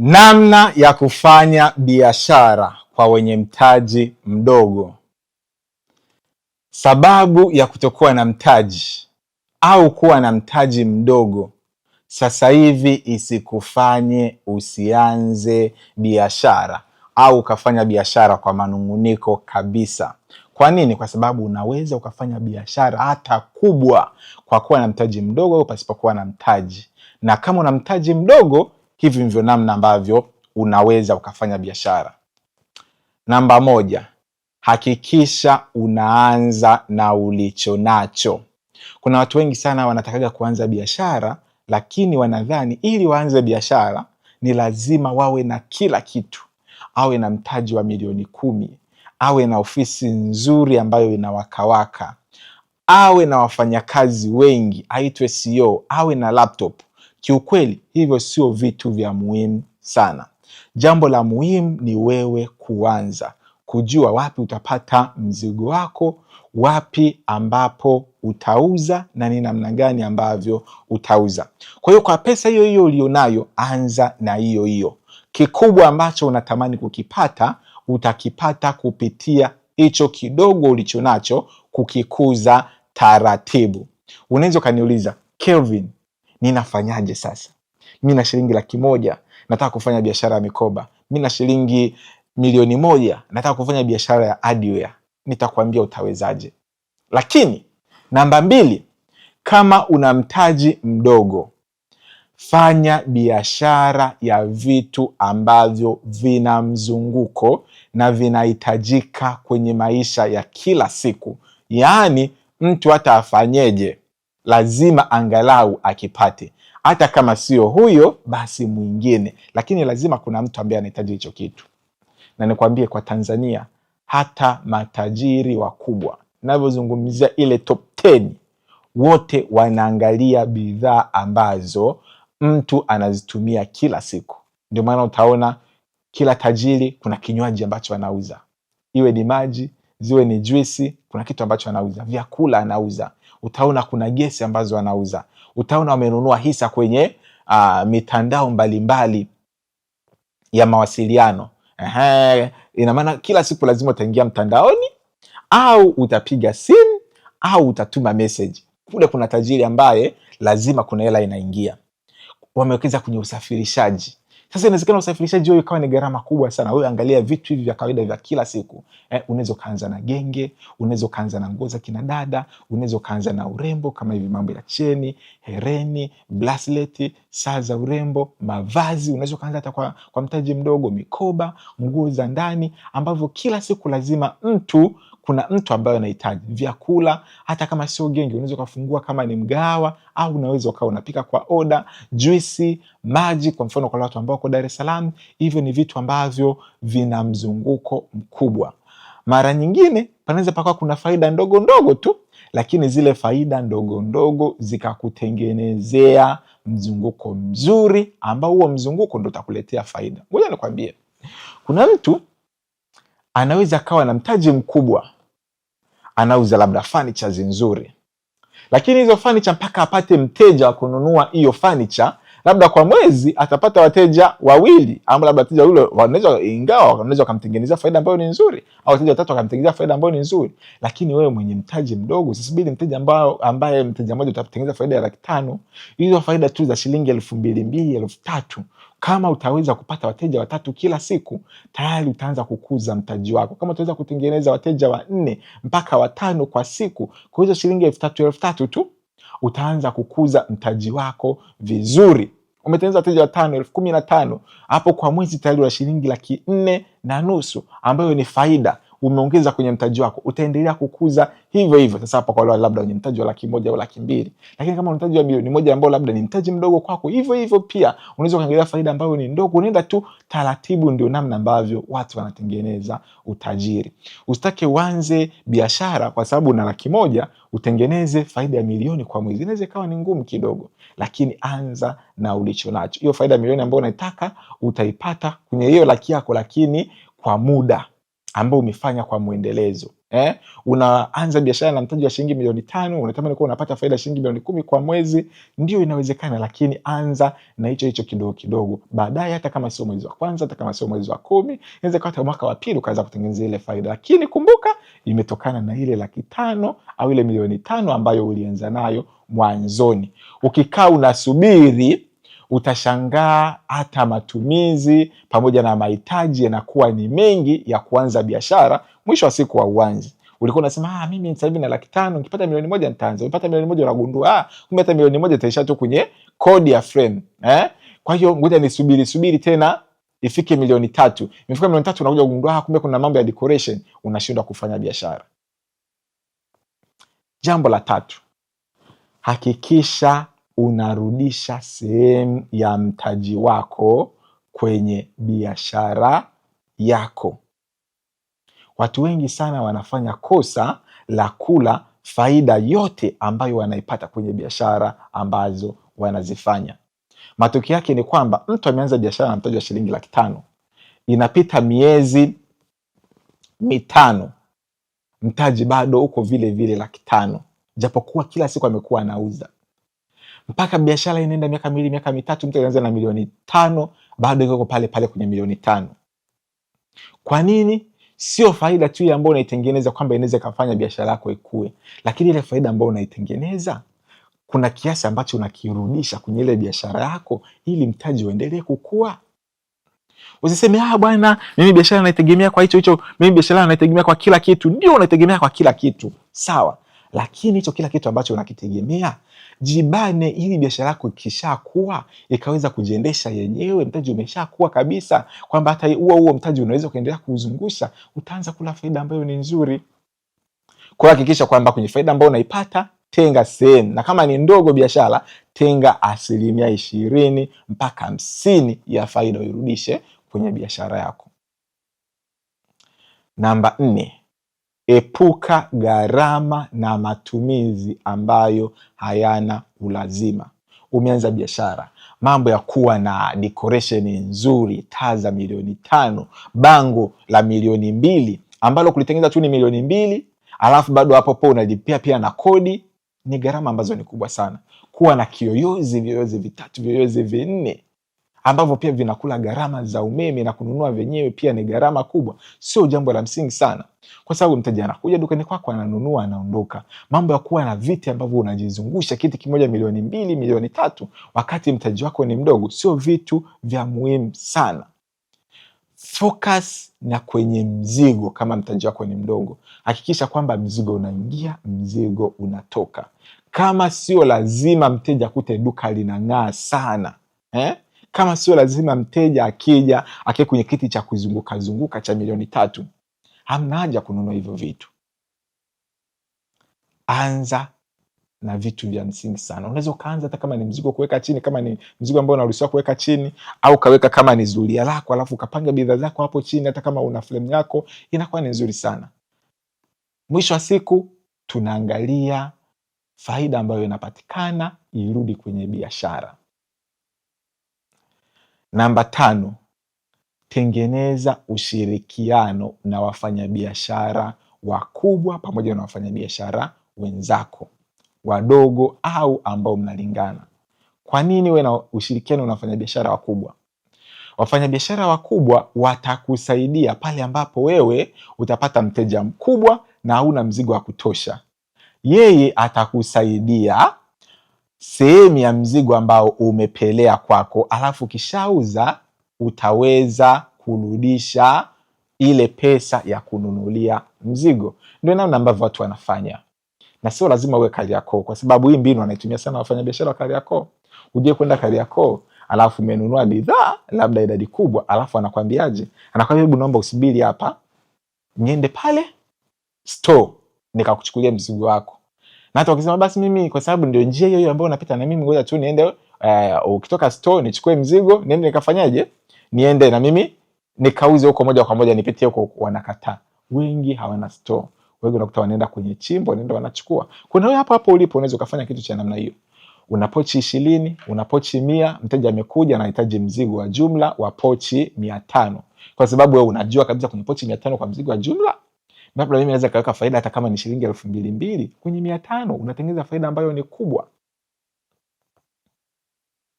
Namna ya kufanya biashara kwa wenye mtaji mdogo. Sababu ya kutokuwa na mtaji au kuwa na mtaji mdogo sasa hivi isikufanye usianze biashara au ukafanya biashara kwa manung'uniko kabisa. Kwa nini? Kwa sababu unaweza ukafanya biashara hata kubwa kwa kuwa na mtaji mdogo au pasipokuwa na mtaji, na kama una mtaji mdogo Hivi ndivyo namna ambavyo unaweza ukafanya biashara. Namba moja, hakikisha unaanza na ulicho nacho. Kuna watu wengi sana wanatakaga kuanza biashara, lakini wanadhani ili waanze biashara ni lazima wawe na kila kitu, awe na mtaji wa milioni kumi, awe na ofisi nzuri ambayo inawakawaka, awe na wafanyakazi wengi, aitwe CEO, awe na laptop. Kiukweli hivyo sio vitu vya muhimu sana. Jambo la muhimu ni wewe kuanza kujua wapi utapata mzigo wako, wapi ambapo utauza na ni namna gani ambavyo utauza. Kwa hiyo kwa pesa hiyo hiyo ulionayo, anza na hiyo hiyo. Kikubwa ambacho unatamani kukipata utakipata kupitia hicho kidogo ulichonacho, kukikuza taratibu. Unaweza ukaniuliza Kelvin, ninafanyaje sasa? Mi na shilingi laki moja nataka kufanya biashara ya mikoba, mi na shilingi milioni moja nataka kufanya biashara ya adware. nitakuambia utawezaje. Lakini namba mbili, kama una mtaji mdogo, fanya biashara ya vitu ambavyo vina mzunguko na vinahitajika kwenye maisha ya kila siku, yaani mtu hata afanyeje lazima angalau akipate, hata kama sio huyo basi mwingine, lakini lazima kuna mtu ambaye anahitaji hicho kitu. Na nikwambie kwa Tanzania, hata matajiri wakubwa navyozungumzia ile top 10 wote wanaangalia bidhaa ambazo mtu anazitumia kila siku. Ndio maana utaona kila tajiri kuna kinywaji ambacho anauza, iwe ni maji, ziwe ni juisi, kuna kitu ambacho anauza, vyakula anauza utaona kuna gesi ambazo wanauza, utaona wamenunua hisa kwenye uh, mitandao mbalimbali mbali ya mawasiliano. Ina maana kila siku lazima utaingia mtandaoni au utapiga simu au utatuma meseji. Kule kuna tajiri ambaye lazima kuna hela inaingia. Wamewekeza kwenye usafirishaji sasa inawezekana usafirishaji huo ikawa ni gharama kubwa sana. Wewe angalia vitu hivi vya kawaida vya kila siku eh, unaweza ukaanza na genge, unaweza ukaanza na nguo za kina dada, unaweza ukaanza na urembo kama hivi mambo ya cheni, hereni, bracelet, saa za urembo, mavazi, unaweza ukaanza hata kwa, kwa mtaji mdogo, mikoba, nguo za ndani ambavyo kila siku lazima mtu kuna mtu ambaye anahitaji vyakula, hata kama sio gengi, unaweza ukafungua kama ni mgawa, au unaweza ukawa unapika kwa oda, juisi, maji, kwa mfano kwa watu ambao wako Dar es Salaam. Hivyo ni vitu ambavyo vina mzunguko mkubwa. Mara nyingine panaweza pakawa kuna faida ndogo ndogo tu, lakini zile faida ndogo ndogo zikakutengenezea mzunguko mzuri, ambao huo mzunguko ndo utakuletea faida. Ngoja nikwambie, kuna mtu anaweza akawa na mtaji mkubwa anauza labda furniture nzuri, lakini hizo furniture mpaka apate mteja wa kununua hiyo furniture, labda kwa mwezi atapata wateja wawili au labda wateja wale wanaweza, ingawa wanaweza kumtengenezea faida ambayo ni nzuri, au wateja watatu wakamtengenezea faida ambayo ni nzuri. Lakini wewe mwenye mtaji mdogo usisubiri mteja ambao ambaye mteja mmoja utatengeneza faida ya laki tano. Hizo faida tu za shilingi elfu mbili mbili elfu tatu kama utaweza kupata wateja watatu kila siku, tayari utaanza kukuza mtaji wako. Kama utaweza kutengeneza wateja wanne mpaka watano kwa siku, kwa hizo shilingi elfu tatu elfu tatu tu utaanza kukuza mtaji wako vizuri. Umetengeneza wateja watano elfu kumi na tano hapo kwa mwezi, tayari una shilingi laki nne na nusu ambayo ni faida umeongeza kwenye mtaji wako, utaendelea kukuza hivyo hivyo. Sasa hapa kwa wale labda wenye mtaji wa laki moja au laki mbili, lakini kama mtaji wa bilioni moja ambao labda ni mtaji mdogo kwako, hivyo hivyo pia unaweza ukaangalia faida ambayo ni ndogo, unaenda tu taratibu. Ndio namna ambavyo watu wanatengeneza utajiri. Usitake uanze biashara kwa sababu una laki moja utengeneze faida ya milioni kwa mwezi, inaweza ikawa ni ngumu kidogo, lakini anza na ulicho nacho. Hiyo faida ya milioni ambayo unaitaka utaipata kwenye hiyo laki yako, lakini kwa muda ambao umefanya kwa mwendelezo eh? Unaanza biashara na mtaji wa shilingi milioni tano, unatamani kuwa unapata faida shilingi milioni kumi kwa mwezi. Ndio inawezekana, lakini anza na hicho hicho kidogo kidogo. Baadaye hata kama sio mwezi wa kwanza, hata kama sio mwezi wa kumi, inaweza kuwa hata mwaka wa pili ukaanza kutengeneza ile faida, lakini kumbuka, imetokana na ile laki tano au ile milioni tano ambayo ulianza nayo mwanzoni. Ukikaa unasubiri utashangaa hata matumizi pamoja na mahitaji yanakuwa ni mengi ya kuanza biashara. Mwisho wa siku wa hauanzi. Ulikuwa unasema ah, mimi sasa hivi na laki tano, nikipata milioni moja nitaanza. Ukipata milioni moja unagundua ah, kumbe hata milioni moja itaisha tu kwenye kodi ya frame eh. Kwa hiyo ngoja nisubiri subiri tena ifike milioni tatu. Imefika milioni tatu, unakuja kugundua ah, kumbe kuna mambo ya decoration, unashindwa kufanya biashara. Jambo la tatu, hakikisha unarudisha sehemu ya mtaji wako kwenye biashara yako. Watu wengi sana wanafanya kosa la kula faida yote ambayo wanaipata kwenye biashara ambazo wanazifanya. Matokeo yake ni kwamba mtu ameanza biashara na mtaji wa shilingi laki tano, inapita miezi mitano, mtaji bado uko vile vile laki tano, japokuwa kila siku amekuwa anauza mpaka biashara inaenda miaka miwili miaka mitatu, mtu anaanza na milioni tano bado iko pale pale kwenye milioni tano. Kwa nini? Sio faida tu ambayo unaitengeneza kwamba inaweza ikafanya biashara yako ikue, lakini ile faida ambayo unaitengeneza kuna kiasi ambacho unakirudisha kwenye ile biashara yako ili mtaji uendelee kukua. Usiseme ah, bwana, mimi biashara naitegemea kwa hicho hicho, mimi biashara naitegemea kwa kila kitu. Ndio unaitegemea kwa kila kitu, sawa, lakini hicho kila kitu ambacho unakitegemea jibane, ili biashara yako ikishakuwa ikaweza kujiendesha yenyewe, mtaji umeshakuwa kabisa, kwamba hata huo huo mtaji unaweza ukaendelea kuuzungusha, utaanza kula faida ambayo ni nzuri. Kwa hiyo hakikisha kwamba kwenye faida ambayo unaipata tenga sehemu, na kama ni ndogo biashara, tenga asilimia ishirini mpaka hamsini ya faida uirudishe kwenye biashara yako. Namba nne, Epuka gharama na matumizi ambayo hayana ulazima. Umeanza biashara, mambo ya kuwa na decoration nzuri, taa za milioni tano, bango la milioni mbili ambalo kulitengeneza tu ni milioni mbili, alafu bado hapo po unalipia pia na kodi. Ni gharama ambazo ni kubwa sana. Kuwa na kiyoyozi, viyoyozi vitatu, viyoyozi vinne ambavyo pia vinakula gharama za umeme na kununua vyenyewe pia ni gharama kubwa, sio jambo la msingi sana, kwa sababu mteja anakuja dukani kwako ananunua anaondoka. Mambo ya kuwa na viti ambavyo unajizungusha kiti kimoja milioni mbili milioni tatu wakati mtaji wako ni mdogo, sio vitu vya muhimu sana. Focus na kwenye mzigo. Kama mtaji wako ni mdogo, hakikisha kwamba mzigo unaingia, mzigo unatoka. Kama sio lazima mteja akute duka linang'aa sana eh? kama sio lazima mteja akija akie kwenye kiti cha kuzunguka zunguka cha milioni tatu, hamna haja kununua hivyo vitu. Anza na vitu vya msingi sana. Unaweza ukaanza hata kama ni mzigo kuweka chini, kama ni mzigo ambao unaruhusiwa kuweka chini, au kaweka kama ni zulia lako, alafu ukapanga bidhaa zako hapo chini. Hata kama una fremu yako, inakuwa ni nzuri sana. Mwisho wa siku, tunaangalia faida ambayo inapatikana irudi kwenye biashara. Namba tano, tengeneza ushirikiano na wafanyabiashara wakubwa pamoja na wafanyabiashara wenzako wadogo au ambao mnalingana. Kwa nini we na ushirikiano na wafanyabiashara wakubwa? Wafanyabiashara wakubwa watakusaidia pale ambapo wewe utapata mteja mkubwa na hauna mzigo wa kutosha, yeye atakusaidia sehemu ya mzigo ambao umepelea kwako, alafu ukishauza utaweza kurudisha ile pesa ya kununulia mzigo. Ndio namna ambavyo watu wanafanya, na sio lazima uwe Kariakoo, kwa sababu hii mbinu wanaitumia sana wafanyabiashara wa Kariakoo. Ujue kwenda Kariakoo alafu umenunua bidhaa labda idadi kubwa, alafu anakwambiaje? Anakwambia, hebu naomba usubiri hapa, niende pale store nikakuchukulia mzigo wako na hata wakisema basi mimi kwa sababu ndio njia hiyo ambayo unapita na mimi, ngoja tu niende uh, ukitoka store nichukue mzigo niende nikafanyaje, niende na mimi nikauze huko moja kwa moja nipitie huko. Wanakataa, wengi hawana store, wengi unakuta wanaenda kwenye chimbo, wanaenda wanachukua. Kuna wewe hapo hapo ulipo unaweza ukafanya kitu cha namna hiyo. Una pochi ishirini, una pochi mia, mteja amekuja anahitaji mzigo wa jumla wa pochi mia tano kwa sababu wewe unajua kabisa kwenye pochi mia tano kwa mzigo wa jumla labda mimi naweza kaweka faida hata kama ni shilingi elfu mbili mbili kwenye mia tano unatengeneza faida ambayo ni kubwa,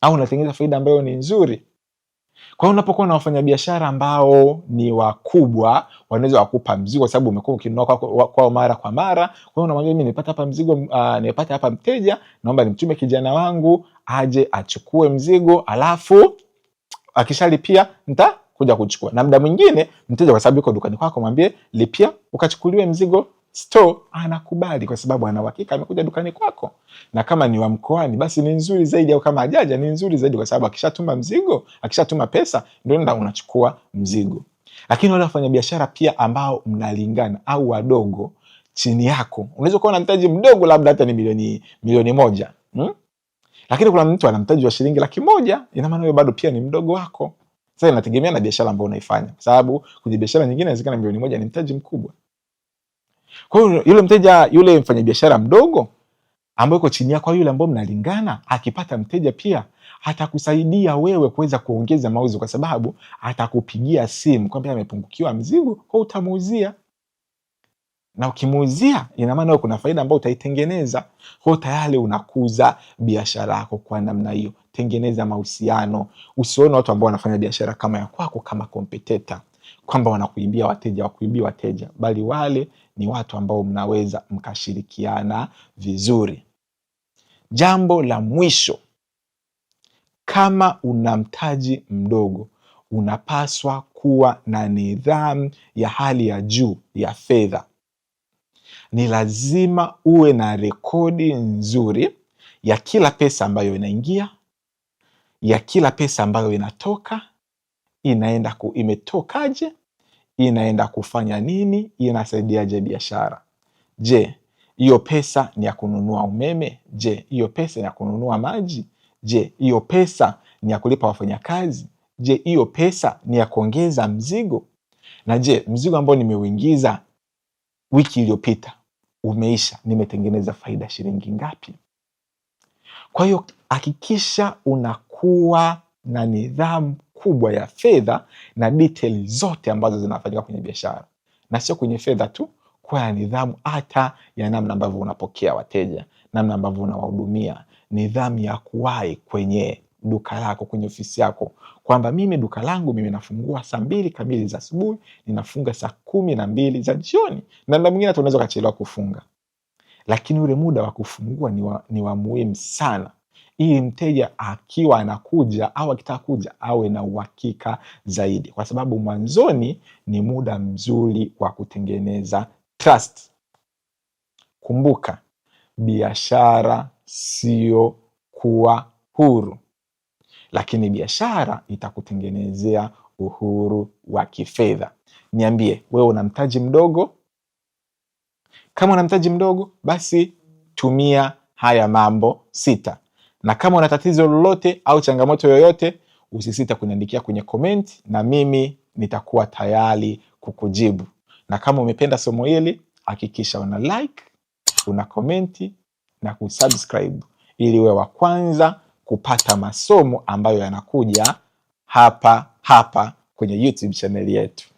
au unatengeneza faida ambayo ni nzuri. Kwa hiyo unapokuwa na wafanyabiashara ambao ni wakubwa, wanaweza wakupa mzigo, kwa sababu umekuwa ukinunua kwao mara kwa mara. Kwa hiyo unamwambia mimi nipata hapa mzigo, uh, ah, nipata hapa mteja, naomba nimtume kijana wangu aje achukue mzigo, alafu akishalipia nta kuja kuchukua. Na muda mwingine mteja, kwa sababu yuko dukani kwako, mwambie lipia ukachukuliwe mzigo store, anakubali kwa sababu ana uhakika amekuja dukani kwako, na kama ni wa mkoani basi ni nzuri zaidi, au kama ajaja, ni nzuri zaidi, kwa sababu akishatuma mzigo, akishatuma pesa ndio ndio unachukua mzigo. Lakini wale wafanyabiashara pia ambao mnalingana au wadogo chini yako, unaweza kuwa na mtaji mdogo, labda hata ni milioni milioni moja hmm? lakini kuna mtu ana mtaji wa shilingi laki moja, ina maana huyo bado pia ni mdogo wako. Sasa inategemea na biashara ambayo unaifanya, kwa sababu kwenye biashara nyingine inawezekana milioni moja ni mtaji mkubwa. Kwa hiyo yule mteja yule mfanyabiashara mdogo ambaye uko chini yako, yule ambao mnalingana, akipata mteja pia atakusaidia wewe kuweza kuongeza mauzo, kwa sababu atakupigia simu kwamba amepungukiwa mzigo, kwa utamuuzia na ukimuuzia, ina maana kuna faida ambayo utaitengeneza. Kwa tayari unakuza biashara yako kwa namna hiyo. Tengeneza mahusiano, usione watu ambao wanafanya biashara kama ya kwako kama kompeteta, kwamba wanakuimbia wateja, wakuimbia wateja, bali wale ni watu ambao mnaweza mkashirikiana vizuri. Jambo la mwisho, kama una mtaji mdogo, unapaswa kuwa na nidhamu ya hali ya juu ya fedha ni lazima uwe na rekodi nzuri ya kila pesa ambayo inaingia, ya kila pesa ambayo inatoka, inaenda ku, imetokaje, inaenda kufanya nini, inasaidiaje biashara. Je, hiyo pesa ni ya kununua umeme? Je, hiyo pesa ni ya kununua maji? Je, hiyo pesa ni ya kulipa wafanyakazi? Je, hiyo pesa ni ya kuongeza mzigo? Na je, mzigo ambao nimeuingiza wiki iliyopita umeisha, nimetengeneza faida shilingi ngapi? Kwa hiyo hakikisha unakuwa na nidhamu kubwa ya fedha na detail zote ambazo zinafanyika kwenye biashara, na sio kwenye fedha tu, kuwa na nidhamu hata ya namna ambavyo unapokea wateja, namna ambavyo unawahudumia, nidhamu ya kuwahi kwenye duka lako, kwenye ofisi yako, kwamba mimi duka langu mimi nafungua saa mbili kamili za asubuhi, ninafunga saa kumi na mbili za jioni, na mda mwingine hata unaweza ukachelewa kufunga, lakini ule muda wa kufungua ni wa, ni wa muhimu sana ili mteja akiwa anakuja au akitaka kuja awe na uhakika zaidi, kwa sababu mwanzoni ni muda mzuri wa kutengeneza trust. Kumbuka, biashara sio kuwa huru lakini biashara itakutengenezea uhuru wa kifedha. Niambie wewe, una mtaji mdogo? Kama una mtaji mdogo, basi tumia haya mambo sita, na kama una tatizo lolote au changamoto yoyote, usisita kuniandikia kwenye komenti, na mimi nitakuwa tayari kukujibu. Na kama umependa somo hili, hakikisha una like, una komenti na kusubscribe ili uwe wa kwanza kupata masomo ambayo yanakuja hapa hapa kwenye YouTube channel yetu.